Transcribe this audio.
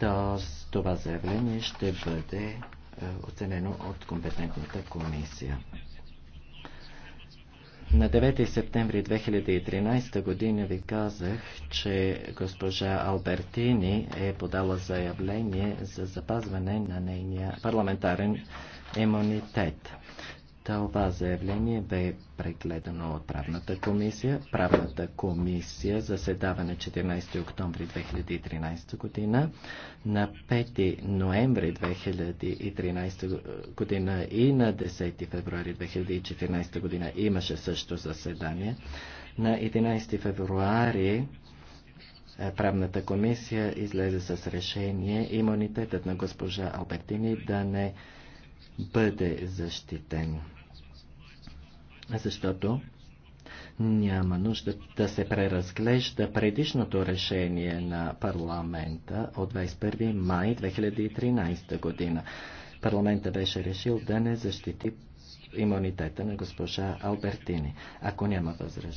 то това заявление ще бъде е, оценено от компетентната комисия. На 9 септември 2013 година ви казах, че госпожа Албертини е подала заявление за запазване на нейния парламентарен имунитет. Това заявление бе прегледано от правната комисия. Правната комисия заседава на 14 октомври 2013 година, на 5 ноември 2013 година и на 10 февруари 2014 година имаше също заседание. На 11 февруари е, правната комисия излезе с решение имунитетът на госпожа Албертини да не бъде защитен защото няма нужда да се преразглежда предишното решение на парламента от 21 май 2013 година. Парламента беше решил да не защити имунитета на госпожа Албертини. Ако няма възражение,